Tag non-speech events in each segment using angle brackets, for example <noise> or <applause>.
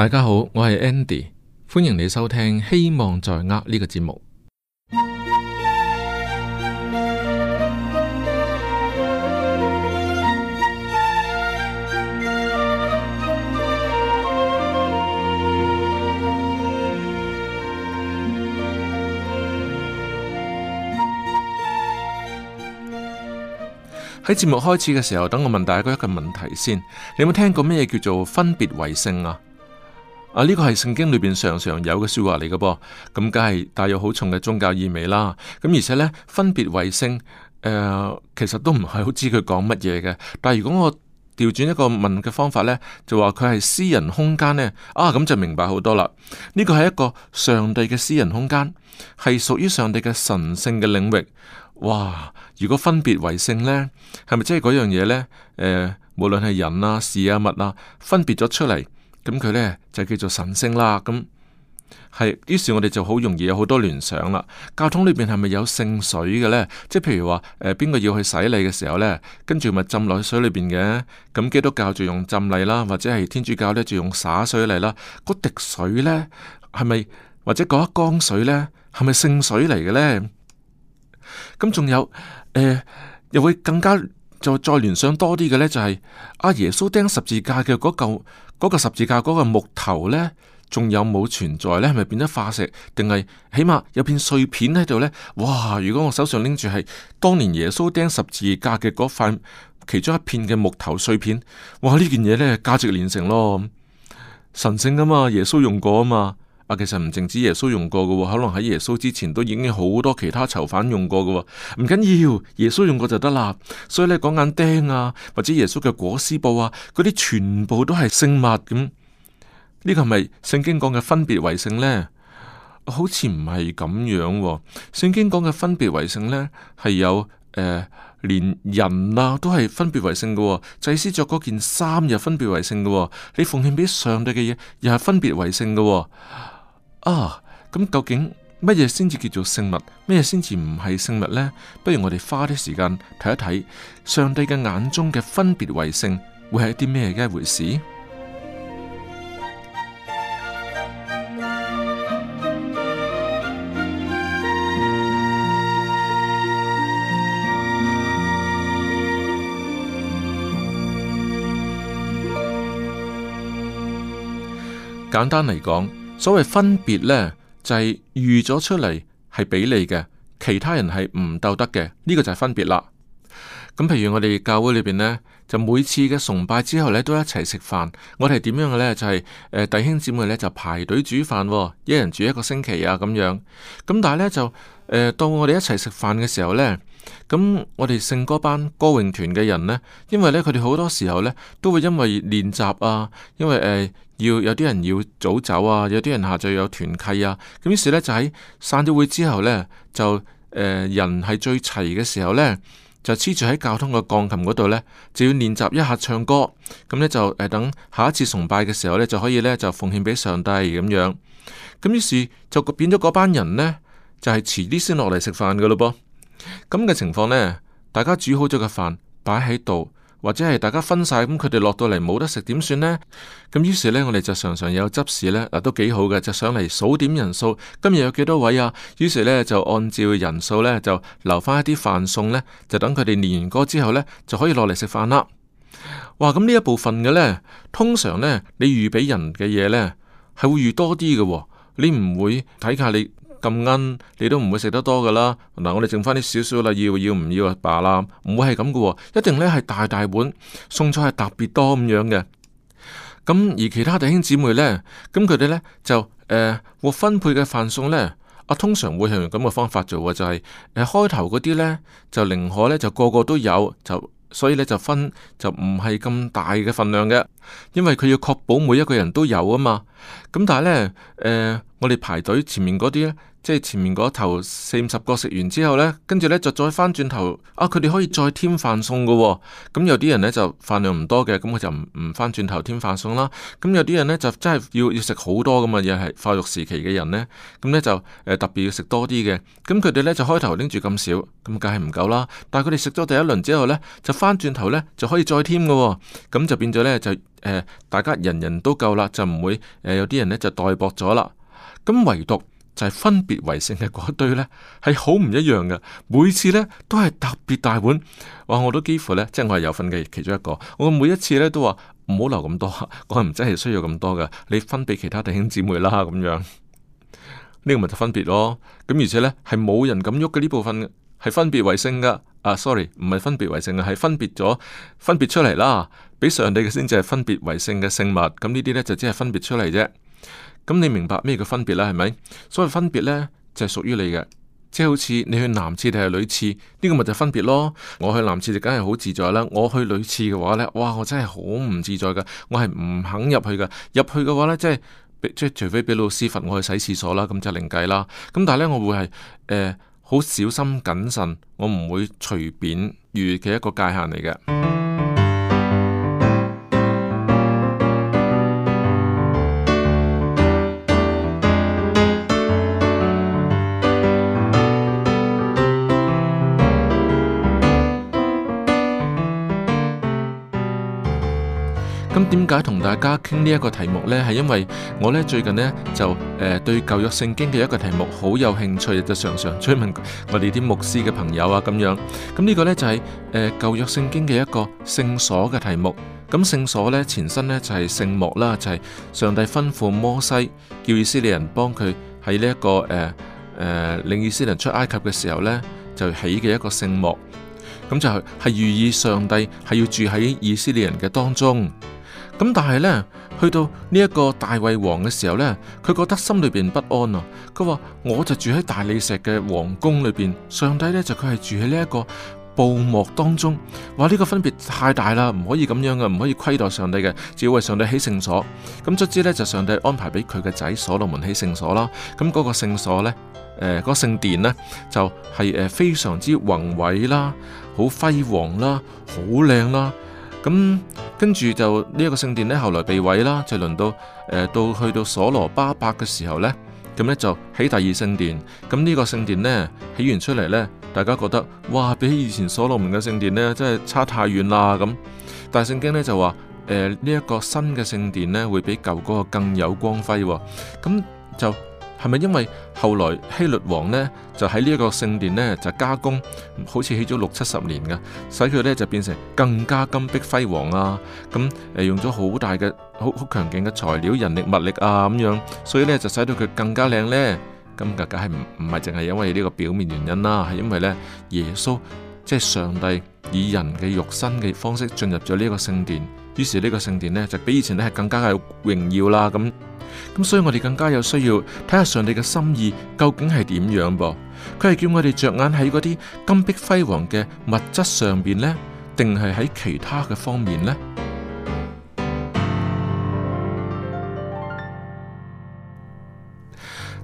大家好，我係 Andy，歡迎你收聽《希望在握》呢個節目。喺節目開始嘅時候，等我問大家一個問題先。你有冇聽過咩叫做分別為性啊？啊！呢、這個係聖經裏邊常常有嘅說話嚟嘅噃，咁梗係帶有好重嘅宗教意味啦。咁而且呢，分別為聖，誒、呃，其實都唔係好知佢講乜嘢嘅。但係如果我調轉一個問嘅方法呢，就話佢係私人空間呢。啊，咁、嗯、就明白好多啦。呢個係一個上帝嘅私人空間，係屬於上帝嘅神聖嘅領域。哇！如果分別為聖呢，係咪即係嗰樣嘢呢？誒、呃，無論係人啊、事啊、物啊，分別咗出嚟。咁佢、嗯、呢就叫做神聖啦。咁、嗯、係，於是，是我哋就好容易有好多聯想啦。教堂裏邊係咪有聖水嘅呢？即係譬如話誒，邊、呃、個要去洗禮嘅時候呢，跟住咪浸落去水裏邊嘅。咁、嗯、基督教就用浸禮啦，或者係天主教呢就用灑水禮啦。嗰滴水呢，係咪或者嗰一缸水呢，係咪聖水嚟嘅呢？咁、嗯、仲有、呃、又會更加再再聯想多啲嘅呢，就係阿耶穌釘十字架嘅嗰嚿。嗰個十字架嗰個木頭呢，仲有冇存在呢？係咪變咗化石？定係起碼有片碎片喺度呢？哇！如果我手上拎住係當年耶穌釘十字架嘅嗰塊其中一片嘅木頭碎片，哇！呢件嘢呢，價值連城咯！神聖啊嘛，耶穌用過啊嘛。啊，其實唔淨止耶穌用過嘅，可能喺耶穌之前都已經好多其他囚犯用過嘅。唔緊要，耶穌用過就得啦。所以咧，講眼釘啊，或者耶穌嘅裹屍布啊，嗰啲全部都係聖物咁。呢、嗯呢個係咪聖經講嘅分別為聖呢？好似唔係咁樣、哦。聖經講嘅分別為聖呢，係有誒、呃，連人啊都係分別為聖嘅。祭司着嗰件衫又分別為聖嘅。你奉獻俾上帝嘅嘢，又係分別為聖嘅。啊，咁究竟乜嘢先至叫做聖物？咩先至唔係聖物呢？不如我哋花啲時間睇一睇上帝嘅眼中嘅分別為聖，會係一啲咩嘅一回事？簡單嚟講。所謂分別呢，就係預咗出嚟係俾你嘅，其他人係唔鬥得嘅，呢個就係分別啦。咁譬如我哋教會裏邊呢，就每次嘅崇拜之後呢，都一齊食飯。我哋係點樣嘅呢？就係呃，弟兄姊妹呢，就排隊煮飯哦，一人煮一個星期啊咁樣。咁但係呢，就呃到我哋一齊食飯嘅時候呢。咁我哋聖歌班歌詠團嘅人呢，因為呢，佢哋好多時候呢，都會因為練習啊，因為誒要、呃、有啲人要早走啊，有啲人下晝要有團契啊，咁於是呢，就喺散咗會之後呢，就誒、呃、人係最齊嘅時候呢，就黐住喺教堂個鋼琴嗰度呢，就要練習一下唱歌，咁、嗯、呢，就誒等下一次崇拜嘅時候呢，就可以呢，就奉獻俾上帝咁樣，咁於是就變咗嗰班人呢，就係遲啲先落嚟食飯㗎咯噃。咁嘅情況呢，大家煮好咗嘅飯擺喺度，或者係大家分晒，咁佢哋落到嚟冇得食點算呢？咁於是呢，我哋就常常有執事呢，嗱都幾好嘅，就上嚟數點人數，今日有幾多位啊？於是呢，就按照人數呢，就留翻一啲飯餸呢，就等佢哋練完歌之後呢，就可以落嚟食飯啦。哇！咁呢一部分嘅呢，通常呢，你預俾人嘅嘢呢，係會預多啲嘅，哦，你唔會睇下你。咁奀，你都唔會食得多噶啦。嗱，我哋剩翻啲少少啦，要要唔要啊？罷啦，唔會係咁噶，一定呢係大大碗，餸菜係特別多咁樣嘅。咁而其他弟兄姊妹呢，咁佢哋呢，就誒，我、呃、分配嘅飯餸呢，啊通常會係用咁嘅方法做嘅，就係、是、誒、呃、開頭嗰啲呢，就寧可呢就個個都有，就所以呢就分就唔係咁大嘅份量嘅，因為佢要確保每一個人都有啊嘛。咁但係呢，誒、呃，我哋排隊前面嗰啲咧，即係前面嗰頭四五十個食完之後呢，跟住呢就再翻轉頭，啊，佢哋可以再添飯餸噶。咁、嗯、有啲人呢就飯量唔多嘅，咁、嗯、佢就唔唔翻轉頭添飯餸啦。咁、嗯、有啲人呢就真係要要食好多噶嘛，又係發育時期嘅人呢。咁、嗯、呢就特別要食多啲嘅。咁佢哋呢就開頭拎住咁少，咁梗係唔夠啦。但係佢哋食咗第一輪之後呢，就翻轉頭呢就可以再添噶、哦。咁、嗯、就變咗呢就。呃、大家人人都夠啦，就唔會、呃、有啲人呢，就代薄咗啦。咁唯獨就係分別為聖嘅嗰堆呢，係好唔一樣嘅。每次呢，都係特別大碗。哇，我都幾乎呢，即係我係有份嘅其中一個。我每一次呢，都話唔好留咁多，我唔真係需要咁多嘅。你分俾其他弟兄姊妹啦，咁樣呢 <laughs> 個咪就分別咯。咁而且呢，係冇人咁喐嘅呢部分，係分別為聖嘅。啊，sorry，唔係分別為聖嘅，係分別咗，分別出嚟啦。俾上帝嘅先至係分別為性嘅聖物，咁呢啲呢，就即係分別出嚟啫。咁你明白咩叫分別啦？係咪？所謂分別呢，就係、是、屬於你嘅，即係好似你去男廁定係女廁，呢、這個咪就分別咯。我去男廁就梗係好自在啦，我去女廁嘅話呢，哇！我真係好唔自在嘅，我係唔肯入去嘅。入去嘅話呢，即係即係除非俾老師罰我去洗廁所啦，咁就另計啦。咁但係呢，我會係好、呃、小心謹慎，我唔會隨便逾嘅一個界限嚟嘅。解同大家傾呢一個題目咧，係因為我咧最近咧就誒，對舊約聖經嘅一個題目好有興趣，就常常追問我哋啲牧師嘅朋友啊，咁樣，咁呢個咧就係誒，舊約聖經嘅一個聖所嘅題目。咁聖所咧前身咧就係聖幕啦，就係上帝吩咐摩西叫以色列人幫佢喺呢一個誒誒，令以色列人出埃及嘅時候咧就起嘅一個聖幕。咁就係寓意上帝係要住喺以色列人嘅當中。咁但係呢，去到呢一個大衛王嘅時候呢，佢覺得心裏邊不安啊！佢話我就住喺大理石嘅皇宮裏邊，上帝呢，就佢係住喺呢一個布幕當中，話呢個分別太大啦，唔可以咁樣嘅，唔可以虧待上帝嘅，只要為上帝起聖所。咁卒之呢，就上帝安排俾佢嘅仔所羅門起聖所啦。咁嗰個聖所呢，誒，嗰個聖殿呢，就係誒非常之宏偉啦，好輝煌啦，好靚啦。咁跟住就呢一、這個聖殿咧，後來被毀啦，就輪到誒、呃、到去到所羅巴伯嘅時候呢，咁呢就起第二聖殿。咁呢個聖殿呢，起完出嚟，呢，大家覺得哇，比起以前所羅門嘅聖殿呢，真係差太遠啦咁。但係聖經咧就話，誒呢一個新嘅聖殿呢，會比舊嗰個更有光輝，咁就。係咪因為後來希律王呢，就喺呢一個聖殿呢，就加工，好似起咗六七十年㗎，使佢呢，就變成更加金碧輝煌啊！咁、嗯、誒用咗好大嘅好好強勁嘅材料、人力、物力啊咁樣，所以呢，就使到佢更加靚呢。咁嘅梗係唔唔係淨係因為呢個表面原因啦，係因為呢，耶穌即係、就是、上帝以人嘅肉身嘅方式進入咗呢個聖殿。於是呢個聖殿呢，就比以前呢，係更加有榮耀啦咁，咁所以我哋更加有需要睇下上帝嘅心意究竟係點樣噃？佢係叫我哋着眼喺嗰啲金碧輝煌嘅物質上邊呢，定係喺其他嘅方面呢？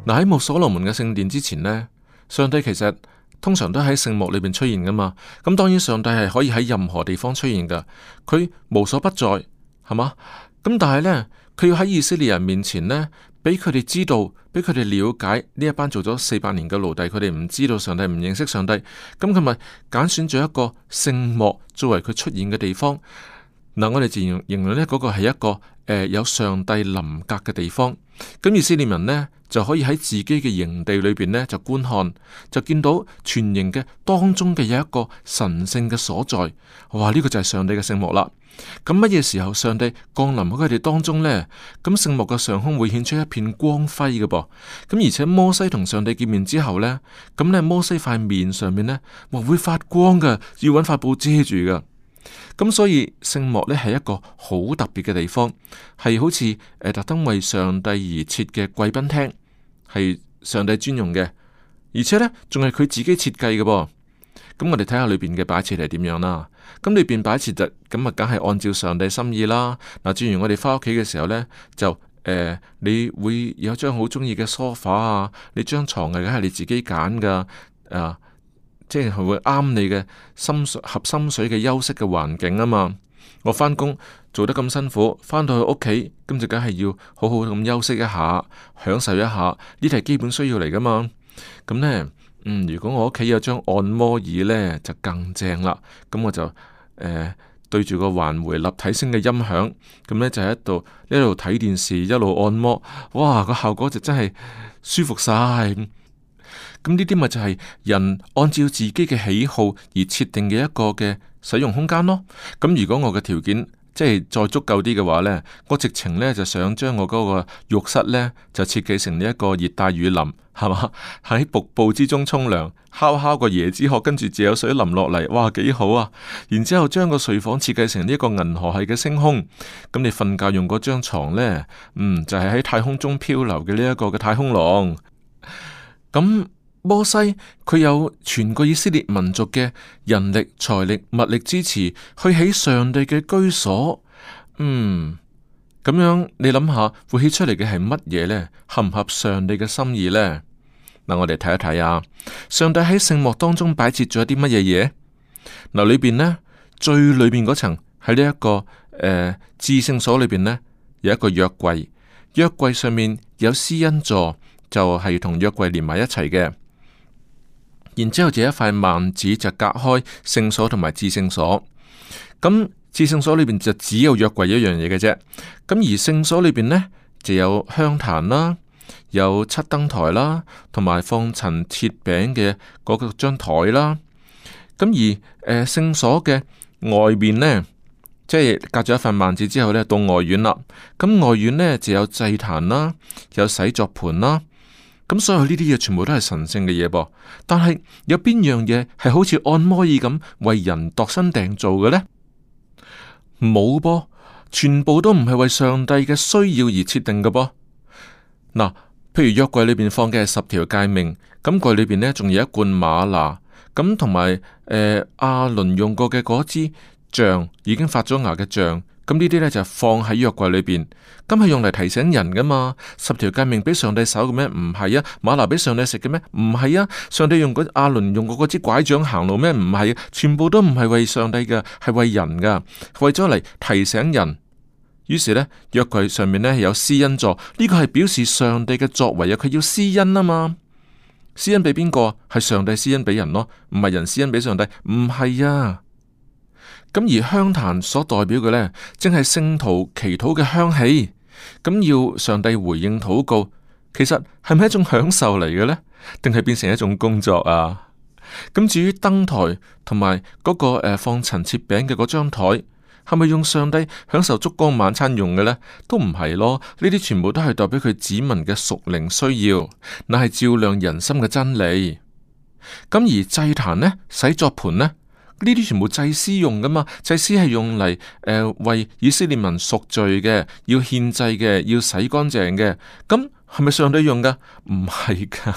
嗱，喺冇所羅門嘅聖殿之前呢，上帝其實，通常都喺聖幕裏邊出現噶嘛，咁當然上帝係可以喺任何地方出現噶，佢無所不在，係嘛？咁但係呢，佢要喺以色列人面前呢，俾佢哋知道，俾佢哋了解呢一班做咗四百年嘅奴隸，佢哋唔知道上帝，唔認識上帝，咁佢咪揀選咗一個聖幕作為佢出現嘅地方。嗱、嗯，我哋自然形容咧，嗰個係一個誒、呃、有上帝臨格嘅地方，咁以色列人呢就可以喺自己嘅營地裏邊呢就觀看，就見到全營嘅當中嘅有一個神聖嘅所在。哇！呢、這個就係上帝嘅聖幕啦。咁乜嘢時候上帝降臨喺佢哋當中呢？咁聖幕嘅上空會顯出一片光輝嘅噃。咁而且摩西同上帝見面之後呢，咁呢摩西塊面上面咧還會發光嘅，要揾塊布遮住嘅。咁所以聖幕咧係一個好特別嘅地方，係好似誒、呃、特登為上帝而設嘅貴賓廳，係上帝專用嘅，而且咧仲係佢自己設計嘅噃。咁我哋睇下裏邊嘅擺設係點樣啦。咁裏邊擺設就咁啊，梗係按照上帝心意啦。嗱，正如我哋翻屋企嘅時候咧，就誒、呃、你會有一張好鍾意嘅 sofa 啊，你張床嘅梗係你自己揀噶啊。呃即係會啱你嘅心水，合心水嘅休息嘅環境啊嘛！我翻工，做得咁辛苦，翻到去屋企，咁就梗係要好好咁休息一下，享受一下，呢啲係基本需要嚟噶嘛！咁咧，嗯，如果我屋企有張按摩椅咧，就更正啦。咁我就誒、呃、對住個環迴立體聲嘅音響，咁咧就喺度一路睇電視，一路按摩，哇、個效果就真係舒服晒。咁呢啲咪就係人按照自己嘅喜好而設定嘅一個嘅使用空間咯。咁如果我嘅條件即係再足夠啲嘅話呢，我直情呢，就想將我嗰個浴室呢就設計成呢一個熱帶雨林，係嘛？喺瀑布之中沖涼，敲敲個椰子殼，跟住自有水淋落嚟，哇，幾好啊！然之後將個睡房設計成呢一個銀河系嘅星空。咁你瞓覺用嗰張床呢，嗯，就係喺太空中漂流嘅呢一個嘅太空狼。咁。摩西佢有全個以色列民族嘅人力、財力、物力支持去起上帝嘅居所，嗯，咁樣你諗下，會起出嚟嘅係乜嘢呢？合唔合上帝嘅心意呢？嗱，我哋睇一睇啊！上帝喺聖幕當中擺設咗啲乜嘢嘢？嗱，裏邊呢，最裏邊嗰層喺呢一個誒至聖所裏邊呢，有一個約櫃，約櫃上面有施恩座，就係同約櫃連埋一齊嘅。然之後就係一塊幔子就隔開聖所同埋至聖所，咁至聖所裏邊就只有約櫃一樣嘢嘅啫，咁而聖所裏邊呢，就有香壇啦，有七燈台啦，同埋放陳設餅嘅嗰個張台啦，咁而誒聖所嘅外面呢，即係隔咗一份幔子之後呢，到外院啦，咁外院呢，就有祭壇啦，有洗濯盤啦。咁所有呢啲嘢全部都係神聖嘅嘢噃，但係有邊樣嘢係好似按摩椅咁為人度身訂做嘅呢？冇噃，全部都唔係為上帝嘅需要而設定嘅噃。嗱，譬如約櫃裏邊放嘅係十條誡命，咁櫃裏邊呢仲有一罐馬拿咁，同埋誒阿倫用過嘅嗰支杖已經發咗芽嘅杖。咁呢啲呢，就是、放喺約櫃裏邊，咁係用嚟提醒人噶嘛？十條誡命俾上帝守嘅咩？唔係啊，馬拿俾上帝食嘅咩？唔係啊，上帝用個阿倫用過嗰支拐杖行路咩？唔係、啊，全部都唔係為上帝嘅，係為人噶，為咗嚟提醒人。於是呢，約櫃上面咧有施恩座，呢個係表示上帝嘅作為啊，佢要施恩啊嘛。施恩俾邊個？係上帝施恩俾人咯，唔係人施恩俾上帝，唔係啊。咁而香壇所代表嘅呢，正係聖徒祈禱嘅香氣。咁要上帝回應禱告，其實係咪一種享受嚟嘅呢？定係變成一種工作啊？咁至於燈台同埋嗰個放陳設餅嘅嗰張台，係咪用上帝享受燭光晚餐用嘅呢？都唔係咯。呢啲全部都係代表佢子民嘅屬靈需要，乃係照亮人心嘅真理。咁而祭壇呢，洗作盤呢。呢啲全部祭司用噶嘛，祭司係用嚟誒、呃、為以色列民贖罪嘅，要獻祭嘅，要洗乾淨嘅，咁係咪上帝用噶？唔係噶，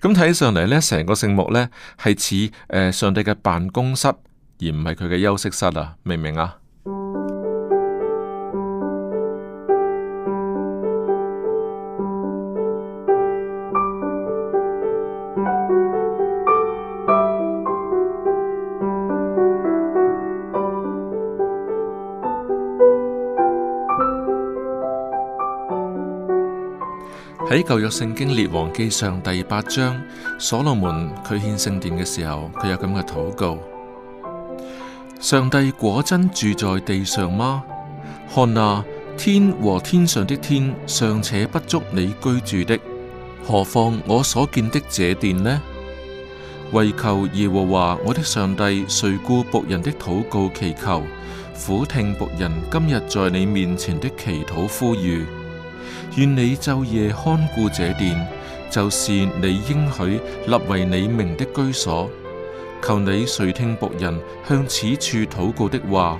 咁睇起上嚟咧，成個聖木咧係似誒上帝嘅辦公室，而唔係佢嘅休息室啊，明唔明啊？喺舊約聖經列王記上第八章，所羅門佢獻聖殿嘅時候，佢有咁嘅禱告：上帝果真住在地上嗎？看啊，天和天上的天尚且不足你居住的，何況我所見的這殿呢？為求耶和華我的上帝垂顧僕人的禱告祈求，俯聽僕人今日在你面前的祈禱呼籲。願你晝夜看顧這殿，就是你應許立為你名的居所。求你垂聽僕人向此處禱告的話。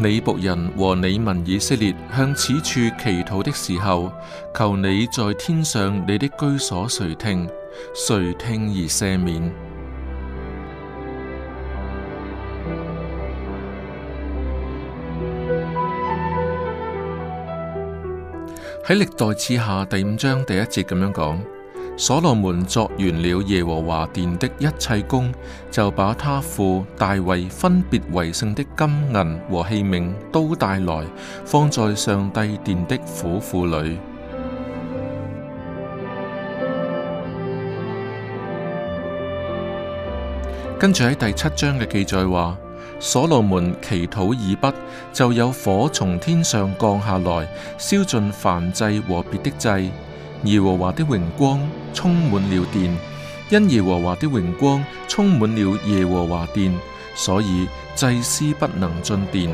你僕人和你民以色列向此處祈禱的時候，求你在天上你的居所垂聽，垂聽而赦免。喺歷代志下第五章第一節咁樣講，所羅門作完了耶和華殿的一切工，就把他父大衛分別為聖的金銀和器皿都帶來，放在上帝殿的府庫裏。跟住喺第七章嘅記載話。所羅門祈禱已畢，就有火從天上降下來，燒盡燔祭和別的祭。耶和華的榮光充滿了殿，因耶和華的榮光充滿了耶和華殿，所以祭司不能進殿。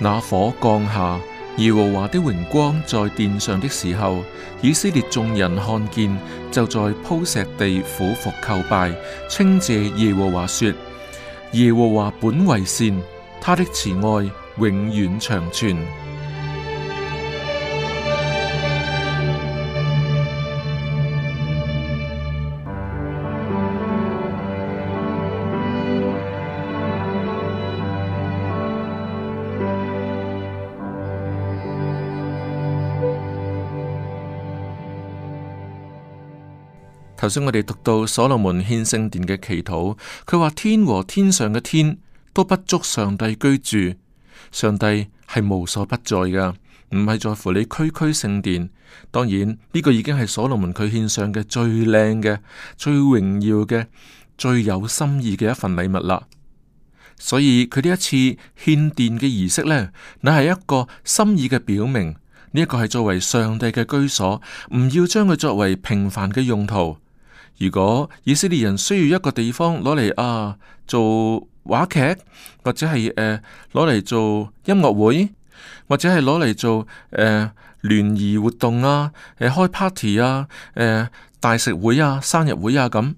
那火降下，耶和華的榮光在殿上的時候，以色列眾人看見，就在鋪石地俯伏叩拜，稱謝耶和華說。耶和華本為善，他的慈愛永遠長存。頭先我哋讀到所羅門獻聖殿嘅祈禱，佢話天和天上嘅天都不足上帝居住，上帝係無所不在噶唔係在乎你區區聖殿。當然呢、這個已經係所羅門佢獻上嘅最靚嘅、最榮耀嘅、最有心意嘅一份禮物啦。所以佢呢一次獻殿嘅儀式呢，乃係一個心意嘅表明。呢、這、一個係作為上帝嘅居所，唔要將佢作為平凡嘅用途。如果以色列人需要一個地方攞嚟啊做話劇，或者係誒攞嚟做音樂會，或者係攞嚟做誒、啊、聯誼活動啊，誒、啊、開 party 啊，誒、啊、大食會啊，生日會啊咁，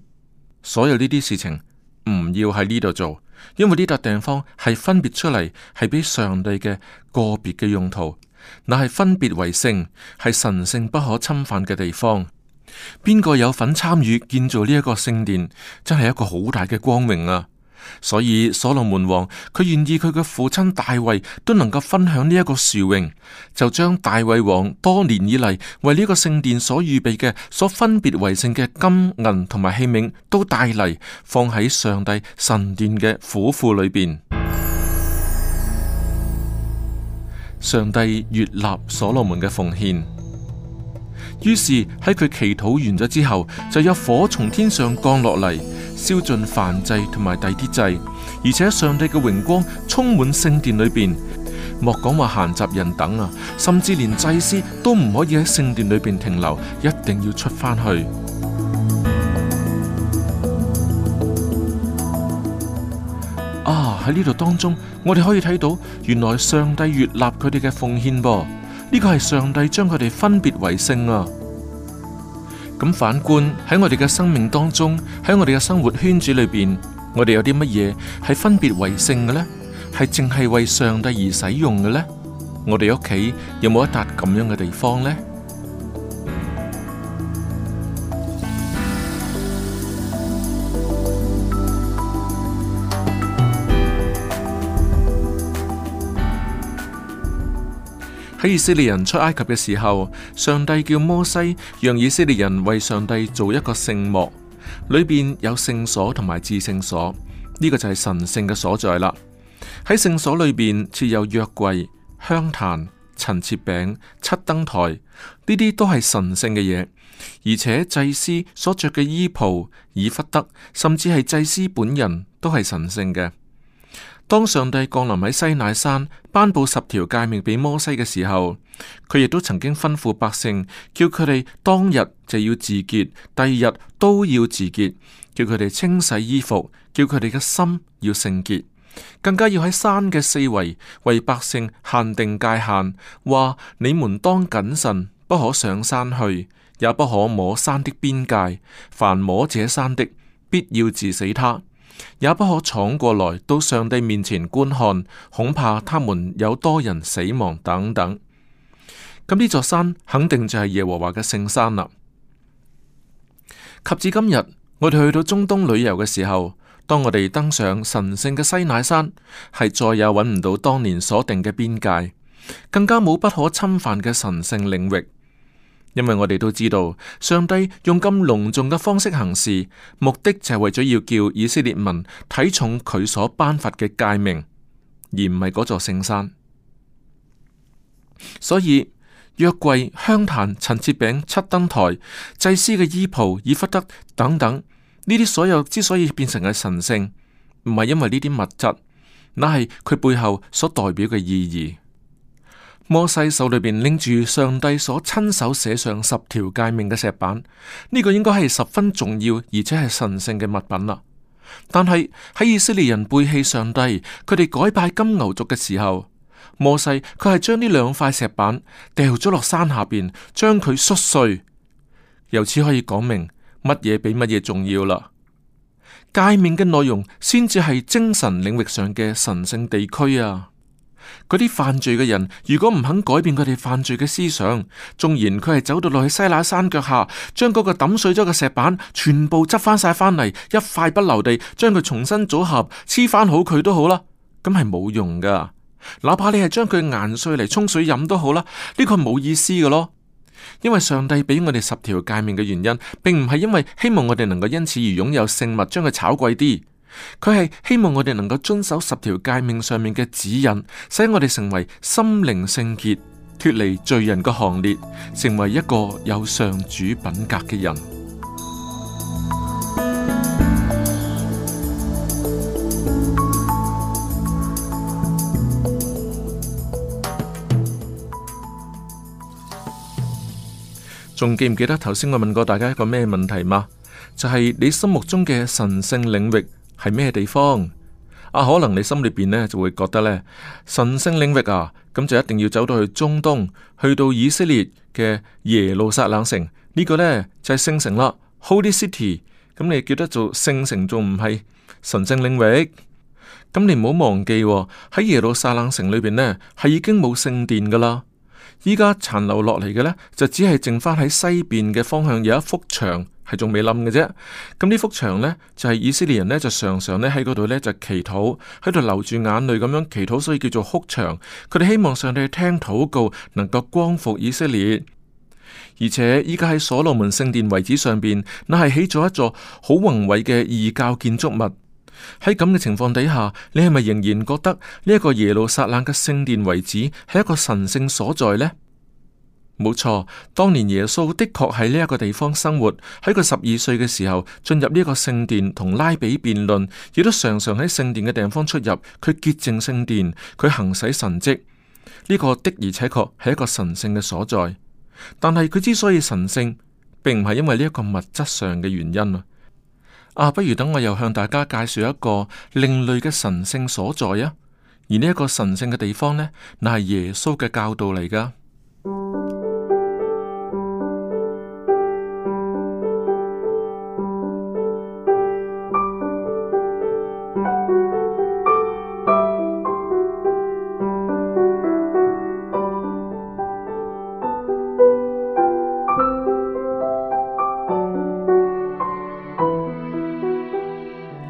所有呢啲事情唔要喺呢度做，因為呢笪地方係分別出嚟，係俾上帝嘅個別嘅用途，那係分別為聖，係神聖不可侵犯嘅地方。邊個有份參與建造呢一個聖殿，真係一個好大嘅光榮啊！所以所羅門王佢願意佢嘅父親大衛都能夠分享呢一個殊榮，就將大衛王多年以嚟為呢個聖殿所預備嘅、所分別為聖嘅金銀同埋器皿都帶嚟，放喺上帝神殿嘅府庫裏邊。上帝悅納所羅門嘅奉獻。於是喺佢祈禱完咗之後，就有火從天上降落嚟，燒盡燔祭同埋第啲祭，而且上帝嘅榮光充滿聖殿裏邊。莫講話閒雜人等啊，甚至連祭司都唔可以喺聖殿裏邊停留，一定要出翻去。啊！喺呢度當中，我哋可以睇到，原來上帝悅納佢哋嘅奉獻噃。呢個係上帝將佢哋分別為聖啊！咁反觀喺我哋嘅生命當中，喺我哋嘅生活圈子裏邊，我哋有啲乜嘢係分別為聖嘅呢？係淨係為上帝而使用嘅呢？我哋屋企有冇一笪咁樣嘅地方呢？喺以色列人出埃及嘅時候，上帝叫摩西讓以色列人為上帝做一個聖幕。裏邊有聖所同埋至聖所，呢、呢個就係神聖嘅所在啦。喺聖所裏邊設有約櫃、香壇、陳設餅、七燈臺，呢啲都係神聖嘅嘢，而且祭司所着嘅衣袍、以弗得，甚至係祭司本人，都係神聖嘅。當上帝降臨喺西乃山頒布十條誡命俾摩西嘅時候，佢亦都曾經吩咐百姓，叫佢哋當日就要自潔，第二日都要自潔，叫佢哋清洗衣服，叫佢哋嘅心要聖潔，更加要喺山嘅四圍為百姓限定界限，話你們當謹慎，不可上山去，也不可摸山的邊界，凡摸這山的，必要治死他。也不可闖過來到上帝面前觀看，恐怕他們有多人死亡等等。咁呢座山肯定就係耶和華嘅聖山啦。及至今日，我哋去到中東旅遊嘅時候，當我哋登上神聖嘅西乃山，係再也揾唔到當年所定嘅邊界，更加冇不可侵犯嘅神聖領域。因為我哋都知道，上帝用咁隆重嘅方式行事，目的就係為咗要叫以色列民睇重佢所頒發嘅誡命，而唔係嗰座聖山。所以，約櫃、香壇、陳設餅、七燈台、祭司嘅衣袍、以弗得等等，呢啲所有之所以變成係神聖，唔係因為呢啲物質，乃係佢背後所代表嘅意義。摩西手裏邊拎住上帝所親手寫上十條誡命嘅石板，呢、這個應該係十分重要而且係神聖嘅物品啦。但係喺以色列人背棄上帝，佢哋改拜金牛族嘅時候，摩西佢係將呢兩塊石板掉咗落山下邊，將佢摔碎。由此可以講明乜嘢比乜嘢重要啦？誡命嘅內容先至係精神領域上嘅神聖地區啊！嗰啲犯罪嘅人，如果唔肯改變佢哋犯罪嘅思想，縱然佢係走到落去西那山腳下，將嗰個抌碎咗嘅石板全部執翻晒返嚟，一塊不留地將佢重新組合，黐翻好佢都好啦，咁係冇用噶。哪怕你係將佢研碎嚟沖水飲都好啦，呢、這個冇意思嘅咯。因為上帝俾我哋十條誡命嘅原因，並唔係因為希望我哋能夠因此而擁有聖物，將佢炒貴啲。佢係希望我哋能夠遵守十條誡命上面嘅指引，使我哋成為心靈聖潔、脫離罪人嘅行列，成為一個有上主品格嘅人。仲記唔記得頭先我問過大家一個咩問題嗎？就係、是、你心目中嘅神聖領域。係咩地方？啊，可能你心裏邊呢就會覺得呢，神聖領域啊，咁就一定要走到去中東，去到以色列嘅耶路撒冷城呢、這個呢就係、是、聖城啦，Holy City。咁你叫得做聖城仲唔係神聖領域？咁你唔好忘記喺、哦、耶路撒冷城裏邊呢係已經冇聖殿噶啦。依家殘留落嚟嘅呢，就只係剩翻喺西邊嘅方向有一幅牆係仲未冧嘅啫。咁呢幅牆呢，就係、是、以色列人呢，就常常呢喺嗰度呢，就祈禱，喺度流住眼淚咁樣祈禱，所以叫做哭牆。佢哋希望上帝聽禱告，能夠光復以色列。而且依家喺所羅門聖殿遺址上邊，那係起咗一座好宏偉嘅異教建築物。喺咁嘅情況底下，你係咪仍然覺得呢一個耶路撒冷嘅聖殿遺址係一個神聖所在呢？冇錯，當年耶穌的確喺呢一個地方生活，喺佢十二歲嘅時候進入呢個聖殿同拉比辯論，亦都常常喺聖殿嘅地方出入。佢潔淨聖殿，佢行使神蹟，呢個的而且確係一個神聖嘅所在。但係佢之所以神聖，並唔係因為呢一個物質上嘅原因啊。啊，不如等我又向大家介紹一個另類嘅神聖所在啊！而呢一個神聖嘅地方呢，乃係耶穌嘅教導嚟㗎。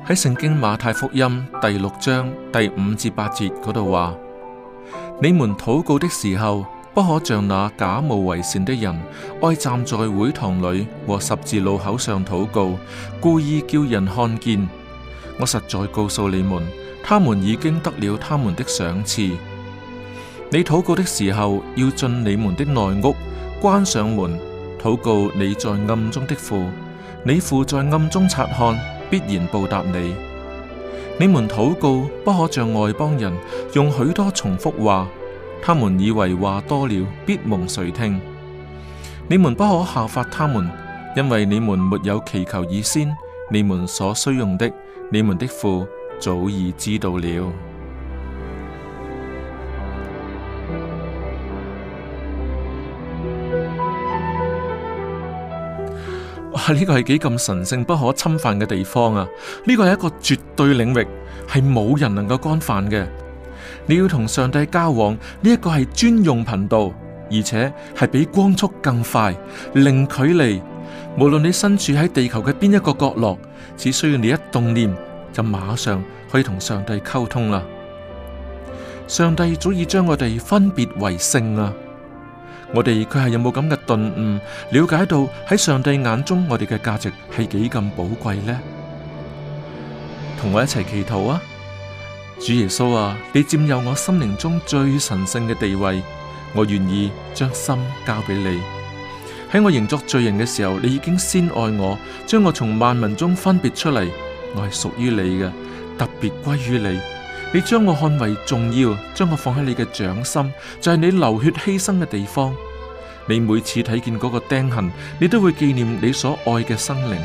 喺聖經馬太福音第六章第五至八節嗰度話：你們禱告的時候，不可像那假冒為善的人，愛站在會堂裏和十字路口上禱告，故意叫人看見。我實在告訴你們，他們已經得了他們的賞賜。你禱告的時候，要進你們的內屋，關上門，禱告你在暗中的父，你父在暗中察看。必然報答你。你們禱告不可像外邦人用許多重複話，他們以為話多了必蒙垂聽。你們不可效法他們，因為你們沒有祈求以先，你們所需用的，你們的父早已知道了。呢個係幾咁神聖不可侵犯嘅地方啊！呢個係一個絕對領域，係冇人能夠干犯嘅。你要同上帝交往，呢一個係專用頻道，而且係比光速更快，零距離。無論你身處喺地球嘅邊一個角落，只需要你一動念，就馬上可以同上帝溝通啦。上帝早已將我哋分別為聖啊！我哋佢係有冇咁嘅頓悟，了解到喺上帝眼中我哋嘅價值係幾咁寶貴呢？同我一齊祈禱啊！主耶穌啊，你佔有我心靈中最神聖嘅地位，我願意將心交俾你。喺我仍作罪人嘅時候，你已經先愛我，將我從萬民中分別出嚟，我係屬於你嘅，特別歸於你。你將我看為重要，將我放喺你嘅掌心，就係、是、你流血犧牲嘅地方。你每次睇見嗰個釘痕，你都會紀念你所愛嘅生靈。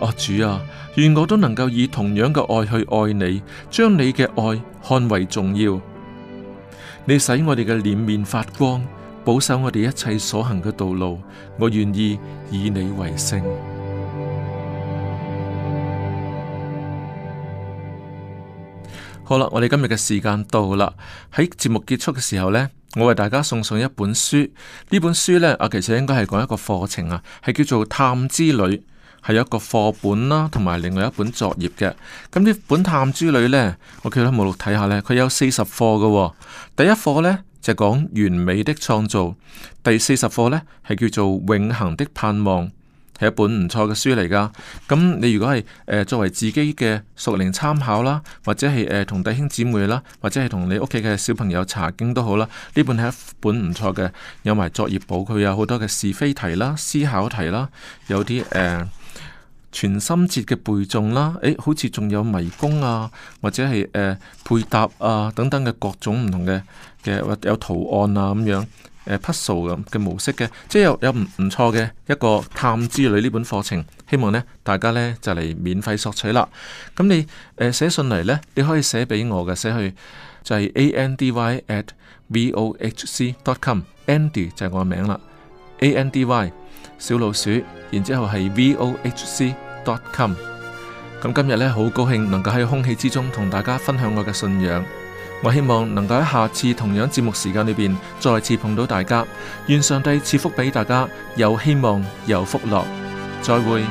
阿、哦、主啊，願我都能夠以同樣嘅愛去愛你，將你嘅愛看為重要。你使我哋嘅臉面發光，保守我哋一切所行嘅道路。我願意以你為聖。好啦，我哋今日嘅時間到啦。喺節目結束嘅時候呢，我為大家送上一本書。呢本書呢，啊，其實應該係講一個課程啊，係叫做《探之旅》，係有一個課本啦，同埋另外一本作業嘅。咁呢本《探之旅》呢，我叫你目錄睇下呢，佢有四十課嘅。第一課呢，就講、是、完美的創造，第四十課呢，係叫做永恆的盼望。係一本唔錯嘅書嚟噶，咁你如果係誒、呃、作為自己嘅熟齡參考啦，或者係誒同弟兄姊妹啦，或者係同你屋企嘅小朋友查經都好啦，呢本係一本唔錯嘅，有埋作業簿，佢有好多嘅是非題啦、思考題啦，有啲誒、呃、全心節嘅背誦啦，誒好似仲有迷宮啊，或者係誒、呃、配搭啊等等嘅各種唔同嘅嘅或有圖案啊咁樣。誒 puzzle 咁嘅模式嘅，即係有有唔唔錯嘅一個探知旅呢本課程，希望咧大家咧就嚟免費索取啦。咁你誒寫信嚟咧，你可以寫俾我嘅，寫去就係 a n d y at v o h c dot com，Andy 就係我嘅名啦，a n d y 小老鼠，然之後係 v o h c dot com。咁今日咧好高興能夠喺空氣之中同大家分享我嘅信仰。我希望能夠喺下次同樣節目時間裏邊再次碰到大家，願上帝賜福俾大家，有希望，有福樂，再會。